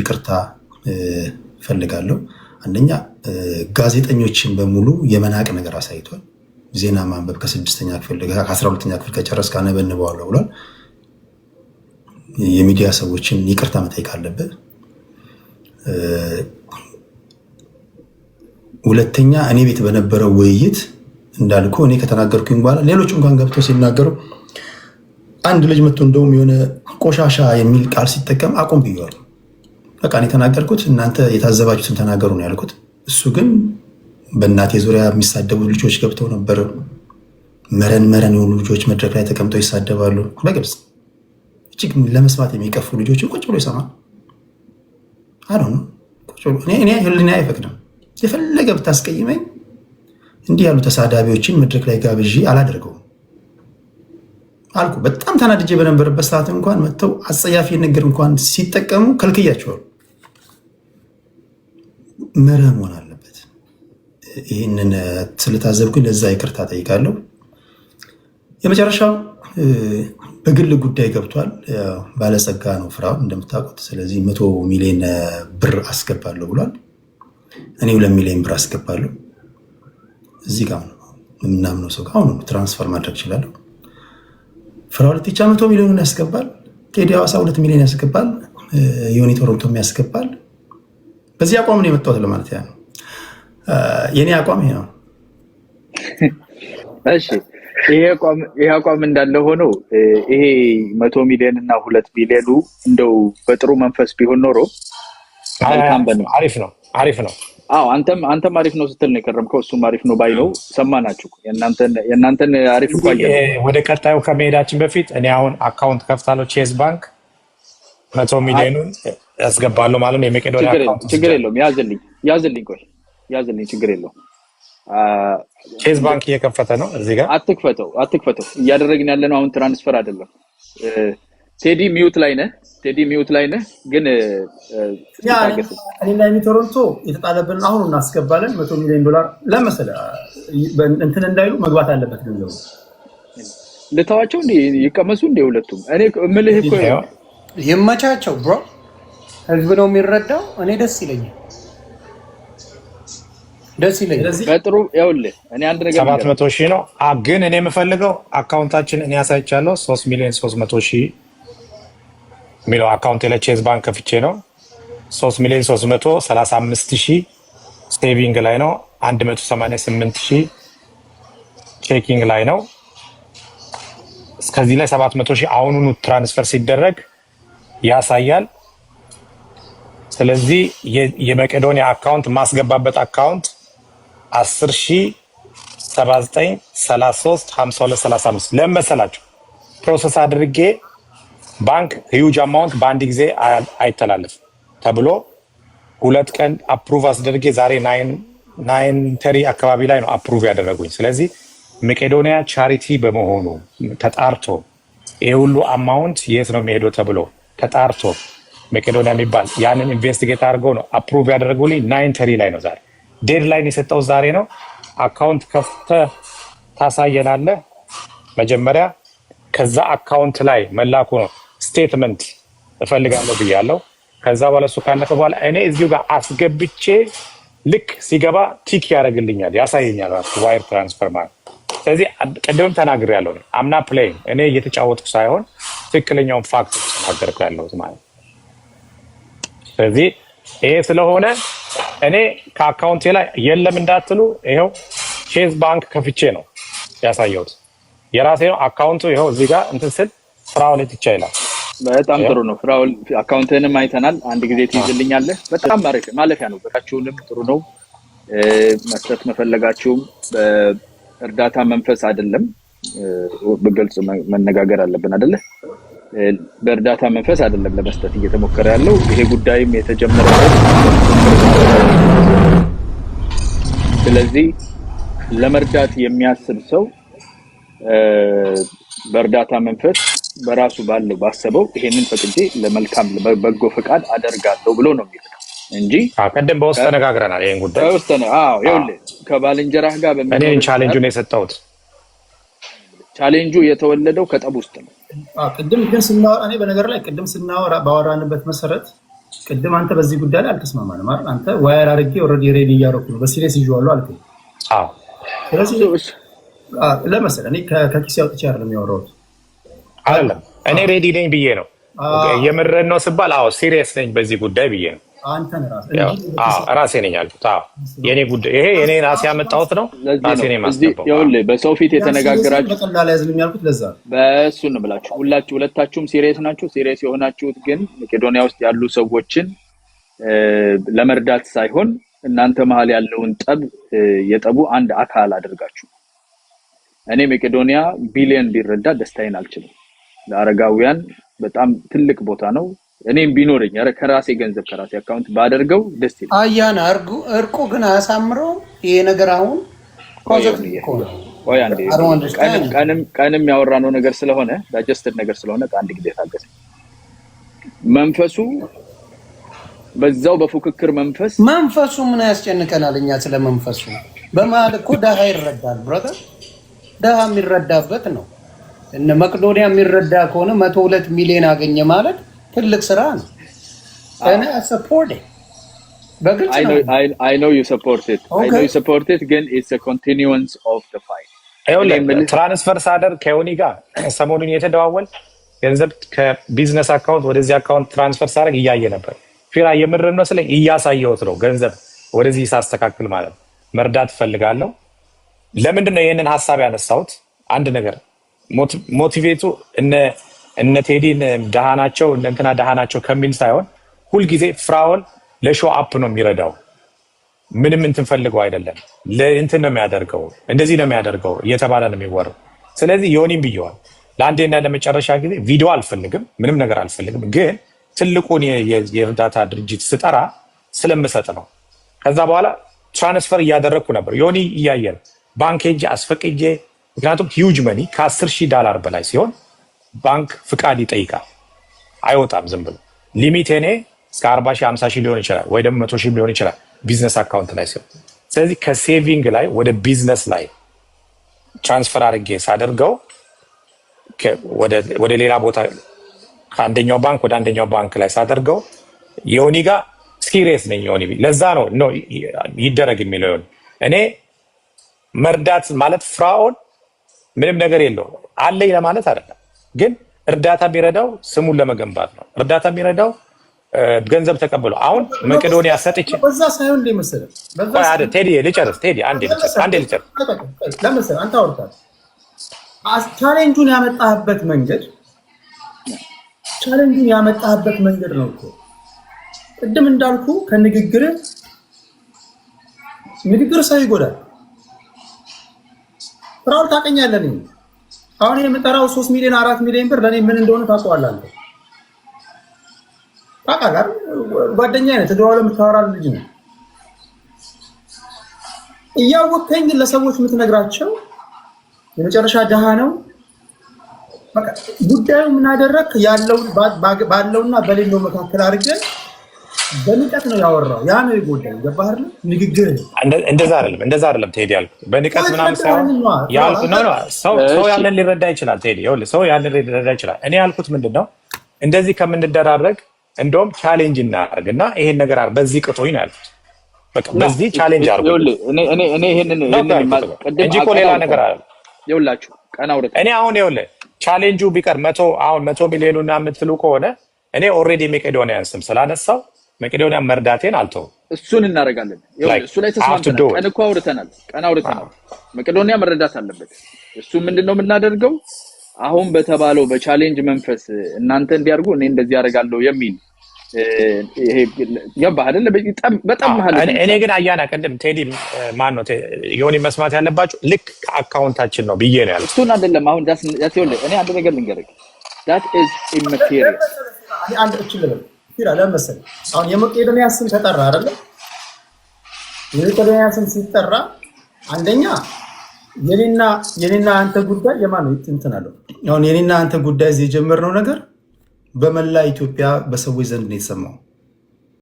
ይቅርታ ፈልጋለሁ። አንደኛ ጋዜጠኞችን በሙሉ የመናቅ ነገር አሳይቷል። ዜና ማንበብ ከስድስተኛ ክፍል ከአስራ ሁለተኛ ክፍል ከጨረስ ካነበንበዋለሁ ብሏል። የሚዲያ ሰዎችን ይቅርታ መጠየቅ አለበት። ሁለተኛ እኔ ቤት በነበረው ውይይት እንዳልኩ እኔ ከተናገርኩኝ በኋላ ሌሎች እንኳን ገብተው ሲናገሩ አንድ ልጅ መጥቶ እንደውም የሆነ ቆሻሻ የሚል ቃል ሲጠቀም አቁም ብየዋል። በቃ የተናገርኩት እናንተ የታዘባችሁትን ተናገሩ ነው ያልኩት። እሱ ግን በእናቴ ዙሪያ የሚሳደቡ ልጆች ገብተው ነበር። መረን መረን የሆኑ ልጆች መድረክ ላይ ተቀምጠው ይሳደባሉ። በግልጽ እጅግ ለመስማት የሚቀፉ ልጆችን ቁጭ ብሎ ይሰማል። አዶ ነው እኔ አይፈቅድም። የፈለገ ብታስቀይመኝ እንዲህ ያሉ ተሳዳቢዎችን መድረክ ላይ ጋብዤ አላደርገውም አልኩ። በጣም ተናድጄ በነበረበት ሰዓት እንኳን መጥተው አጸያፊ ነገር እንኳን ሲጠቀሙ ከልክያቸዋሉ። መርህ መሆን አለበት። ይህንን ስለታዘብኩኝ ለዛ ይቅርታ ጠይቃለሁ። የመጨረሻው በግል ጉዳይ ገብቷል። ባለጸጋ ነው ፍራኦል እንደምታውቁት። ስለዚህ መቶ ሚሊዮን ብር አስገባለሁ ብሏል። እኔ ሁለት ሚሊዮን ብር አስገባለሁ። እዚህ ጋር የምናምነው ሰው ጋር ትራንስፈር ማድረግ ይችላለሁ። ፍራኦል ኢቲቻ መቶ ሚሊዮን ያስገባል። ቴዲ ሐዋሳ ሁለት ሚሊዮን ያስገባል። ዮኒ ቶሮንቶም ያስገባል። ከዚህ አቋም ነው የመጣሁት ለማለት ያ የኔ አቋም ይሄ ነው። እሺ ይሄ አቋም እንዳለ ሆኖ ይሄ መቶ ሚሊዮን እና ሁለት ቢሊዮኑ እንደው በጥሩ መንፈስ ቢሆን ኖሮ አሪፍ ነው አሪፍ ነው። አዎ አንተም አንተም አሪፍ ነው ስትል ነው የከረምከው። እሱም አሪፍ ነው ባይ ነው። ሰማ ናችሁ። የእናንተን አሪፍ ወደ ቀጣዩ ከመሄዳችን በፊት እኔ አሁን አካውንት ከፍታለሁ ቼዝ ባንክ መቶ ሚሊዮኑን ያስገባሉ ማለት ነው። የመቄዶኒያ ችግር የለውም። ያዝልኝ ያዝልኝ፣ ቆይ ያዝልኝ፣ ችግር የለውም። ቼዝ ባንክ እየከፈተ ነው። እዚህ ጋር አትክፈተው፣ አትክፈተው። እያደረግን ያለ ነው አሁን ትራንስፈር አይደለም። ቴዲ ሚዩት ላይ ነህ፣ ቴዲ ሚዩት ላይ ነህ። ግን እኔና ቶሮንቶ የተጣለብን አሁን እናስገባለን። መቶ ሚሊዮን ዶላር ለመሰለ እንትን እንዳይሉ መግባት አለበት ገንዘቡ። ልታዋቸው እንዲ ይቀመሱ እንዲ ሁለቱም። እኔ ምልህ እኮ ይመቻቸው ብሮ ህዝብ ነው የሚረዳው። እኔ ደስ ይለኛል ደስ ይለኛል። በጥሩ ይኸውልህ፣ እኔ አንድ ነገር ሰባት መቶ ሺህ ነው ግን እኔ የምፈልገው አካውንታችን እኔ ያሳይቻለሁ ሶስት ሚሊዮን ሶስት መቶ ሺህ የሚለው አካውንት ለቼዝ ባንክ ከፍቼ ነው ሶስት ሚሊዮን ሶስት መቶ ሰላሳ አምስት ሺህ ሴቪንግ ላይ ነው አንድ መቶ ሰማንያ ስምንት ሺህ ቼኪንግ ላይ ነው። እስከዚህ ላይ ሰባት መቶ ሺህ አሁኑኑ ትራንስፈር ሲደረግ ያሳያል። ስለዚህ የመቄዶንያ አካውንት ማስገባበት አካውንት 1079335235 ለምን መሰላችሁ? ፕሮሰስ አድርጌ ባንክ ሂዩጅ አማውንት በአንድ ጊዜ አይተላለፍም ተብሎ ሁለት ቀን አፕሩቭ አስደርጌ ዛሬ ናይን ተሪ አካባቢ ላይ ነው አፕሩቭ ያደረጉኝ። ስለዚህ መቄዶንያ ቻሪቲ በመሆኑ ተጣርቶ ይህ ሁሉ አማውንት የት ነው የሚሄደው ተብሎ ተጣርቶ መቄዶኒያ የሚባል ያንን ኢንቨስቲጌት አድርገው ነው አፕሩቭ ያደረጉልኝ። ናይን ተሪ ላይ ነው ዛሬ ዴድላይን የሰጠው ዛሬ ነው። አካውንት ከፍተ ታሳየናለህ መጀመሪያ ከዛ አካውንት ላይ መላኩ ነው ስቴትመንት እፈልጋለሁ ብያለሁ። ከዛ በኋላ እሱ ካለፈ በኋላ እኔ እዚሁ ጋር አስገብቼ ልክ ሲገባ ቲክ ያደርግልኛል፣ ያሳየኛል ራሱ ዋይር ትራንስፈር ማለት። ስለዚህ ቅድምም ተናግሬያለሁ። አምና ፕሌይንግ እኔ እየተጫወትኩ ሳይሆን ትክክለኛውን ፋክት ተናገርኩ ያለሁት ማለት ነው። ስለዚህ ይሄ ስለሆነ እኔ ከአካውንቴ ላይ የለም እንዳትሉ፣ ይኸው ቼዝ ባንክ ከፍቼ ነው ያሳየሁት። የራሴ አካውንቱ ይኸው እዚህ ጋር እንትን ስል ፍራኦል ትቻ ይላል። በጣም ጥሩ ነው። ፍራኦል አካውንትንም አይተናል። አንድ ጊዜ ትይዝልኛለህ። በጣም ማለፊያ ነው። በታችሁንም ጥሩ ነው። መስጠት መፈለጋችሁም በእርዳታ መንፈስ አይደለም። በግልጽ መነጋገር አለብን አይደለ? በእርዳታ መንፈስ አይደለም ለመስጠት እየተሞከረ ያለው። ይሄ ጉዳይም የተጀመረበት ስለዚህ ለመርዳት የሚያስብ ሰው በእርዳታ መንፈስ በራሱ ባለው ባሰበው ይሄንን ፈቅጄ ለመልካም በጎ ፈቃድ አደርጋለሁ ብሎ ነው የሚል እንጂ ቅድም በውስጥ ተነጋግረናል። ይህን ጉዳይ ውስጥ ከባልንጀራህ ጋር በእኔ ቻሌንጁን የሰጠሁት ቻሌንጁ የተወለደው ከጠብ ውስጥ ነው። ቅድም ግን ስናወራ እኔ በነገር ላይ ቅድም ስናወራ ባወራንበት መሰረት ቅድም አንተ በዚህ ጉዳይ ላይ አልተስማማንም አይደል? አንተ ዋየር አድርጌ ኦልሬዲ ሬዲ እያደረኩ ነው በሲሪየስ ይዤዋለሁ አልኩኝ። ስለዚህ ለመሰለ እኔ ከኪሴ አውጥቼ አይደለም ያወራሁት አይደለም እኔ ሬዲ ነኝ ብዬ ነው የምረን ነው ስባል፣ አዎ ሲሪየስ ነኝ በዚህ ጉዳይ ብዬ ነው ራሴ ነኝ አልኩት። የኔ ጉዳይ ይሄ የኔ ራሴ ያመጣሁት ነው። ራሴ ነኝ ማስገባው። በሰው ፊት የተነጋገራችሁ በእሱ ነው ብላችሁ ሁላችሁ ሁለታችሁም ሲሪየስ ናችሁ። ሲሪየስ የሆናችሁት ግን መቄዶንያ ውስጥ ያሉ ሰዎችን ለመርዳት ሳይሆን እናንተ መሀል ያለውን ጠብ የጠቡ አንድ አካል አድርጋችሁ እኔ መቄዶንያ ቢሊየን ቢረዳ ደስታዬን አልችልም። ለአረጋውያን በጣም ትልቅ ቦታ ነው። እኔም ቢኖረኝ ኧረ ከራሴ ገንዘብ ከራሴ አካውንት ባደርገው ደስ ይላል። አያን አርጉ እርቁ ግን አያሳምረው ይሄ ነገር አሁን ቀንም ያወራነው ነገር ስለሆነ ዳጀስትድ ነገር ስለሆነ አንድ ጊዜ ታገሰ። መንፈሱ በዛው በፉክክር መንፈስ መንፈሱ ምን ያስጨንቀናል? እኛ ስለ መንፈሱ በመሀል እኮ ደሃ ይረዳል። ብረተር ደሃ የሚረዳበት ነው። እነ መቅዶኒያ የሚረዳ ከሆነ መቶ ሁለት ሚሊዮን አገኘ ማለት ትልቅ ስራ ነው። ትራንስፈር ሳደር ከዮኒ ጋር ሰሞኑን የተደዋወል ገንዘብ ከቢዝነስ አካውንት ወደዚህ አካውንት ትራንስፈር ሳደርግ እያየ ነበር። ፊራ የምር መስለኝ እያሳየሁት ነው። ገንዘብ ወደዚህ ሳስተካክል ማለት ነው። መርዳት እፈልጋለሁ። ለምንድን ነው ይህንን ሀሳብ ያነሳሁት? አንድ ነገር ሞቲቬቱ እነ እነ ቴዲን ደሃ ናቸው እነ እንትና ደሃ ናቸው ከሚል ሳይሆን ሁልጊዜ ፍራውን ለሾው አፕ ነው የሚረዳው። ምንም እንትን ፈልገው አይደለም ለእንትን ነው የሚያደርገው እንደዚህ ነው የሚያደርገው እየተባለ ነው የሚወራው። ስለዚህ ዮኒም ብየዋል ለአንዴና ለመጨረሻ ጊዜ ቪዲዮ አልፈልግም፣ ምንም ነገር አልፈልግም። ግን ትልቁን የእርዳታ ድርጅት ስጠራ ስለምሰጥ ነው። ከዛ በኋላ ትራንስፈር እያደረግኩ ነበር። ዮኒ እያየ ባንክ ሄጄ አስፈቅጄ፣ ምክንያቱም ሂውጅ መኒ ከአስር ሺህ ዳላር በላይ ሲሆን ባንክ ፍቃድ ይጠይቃል። አይወጣም ዝም ብሎ ሊሚት ኔ እስከ 40 ሺህ ሃምሳ ሺህ ሊሆን ይችላል፣ ወይ ደግሞ መቶ ሺህ ሊሆን ይችላል ቢዝነስ አካውንት ላይ ሲሆን፣ ስለዚህ ከሴቪንግ ላይ ወደ ቢዝነስ ላይ ትራንስፈር አድርጌ ሳደርገው ወደ ሌላ ቦታ ከአንደኛው ባንክ ወደ አንደኛው ባንክ ላይ ሳደርገው ዮኒ ጋ ስኪሬስ ነኝ ዮኒ። ለዛ ነው ኖ ይደረግ የሚለው ዮኒ። እኔ መርዳት ማለት ፍራኦል ምንም ነገር የለው አለኝ ለማለት አይደለም። ግን እርዳታ የሚረዳው ስሙን ለመገንባት ነው። እርዳታ የሚረዳው ገንዘብ ተቀብሎ አሁን መቄዶኒያ ሰጥቼ በዛ ሳይሆን እንደ መሰለህ ቴዲ ልጨርስ፣ ቴዲ አንዴ ልጨርስ፣ አንዴ ልጨርስ። ለመሰለህ አንተ አውርታለህ። ቻሌንጁን ያመጣህበት መንገድ ቻሌንጁን ያመጣህበት መንገድ ነው እኮ ቅድም እንዳልኩ ከንግግር ንግግር ሰው ይጎዳል፣ ስራውን ታቀኛለህ። አሁን የምጠራው ሶስት ሚሊዮን አራት ሚሊዮን ብር ለእኔ ምን እንደሆነ ታውቀዋለህ። ታውቃለህ፣ ጓደኛ አይነት ተደዋውለህ የምታወራ ልጅ ነው። እያወቀኝ ለሰዎች የምትነግራቸው የመጨረሻ ድሃ ነው። ጉዳዩ ምን አደረግክ ያለው ባለውና በሌለው መካከል አድርገን በንቀት ነው ያወራው። ያ ነው የጎዳኝ። ገባህ ንግግር እንደዛ አይደለም፣ እንደዛ አይደለም ቴዲ ያልኩት በንቀት ምናምን ሳይሆን ሰው ያንን ሊረዳ ይችላል ቴዲ፣ ይኸውልህ ሰው ያንን ሊረዳ ይችላል። እኔ ያልኩት ምንድን ነው እንደዚህ ከምንደራረግ እንደውም ቻሌንጅ እናደርግ እና ይሄን ነገር በዚህ ቅጡኝ ነው ያልኩት። በዚህ ቻሌንጅ አርጉእንጂ እንጂ እኮ ሌላ ነገር አለ። ይኸውላችሁ ቀና ውረት እኔ አሁን ይኸውልህ ቻሌንጁ ቢቀር መቶ አሁን መቶ ሚሊዮኑና የምትሉ ከሆነ እኔ ኦልሬዲ ያንስም ስላነሳው መቄዶንያ መርዳቴን አልተውም። እሱን እናደርጋለን። እሱ ላይ ተስማምተናል። ቀን እኮ አውርተናል፣ ቀን አውርተናል። ah. መቄዶንያ መረዳት አለበት። እሱ ምንድን ነው የምናደርገው? አሁን በተባለው በቻሌንጅ መንፈስ እናንተ እንዲያርጉ እኔ እንደዚህ ያደርጋለሁ የሚል ገባህ ah, እኔ ግን አያና ቅድም ቴዲ ማን ነው የሆነ መስማት ያለባቸው ልክ ከአካውንታችን ነው ብዬ ነው ያለ። እሱን አይደለም አሁን እኔ አንድ ነገር ልንገርህ ይላል መሰለኝ። አሁን የመቄዶንያ ስም ተጠራ አይደለ? የመቄዶንያ ስም ሲጠራ አንደኛ የኔና የኔና አንተ ጉዳይ የማን እንትን አለው? አሁን የኔና አንተ ጉዳይ እዚህ የጀመርነው ነገር በመላ ኢትዮጵያ በሰዎች ዘንድ ነው የተሰማው።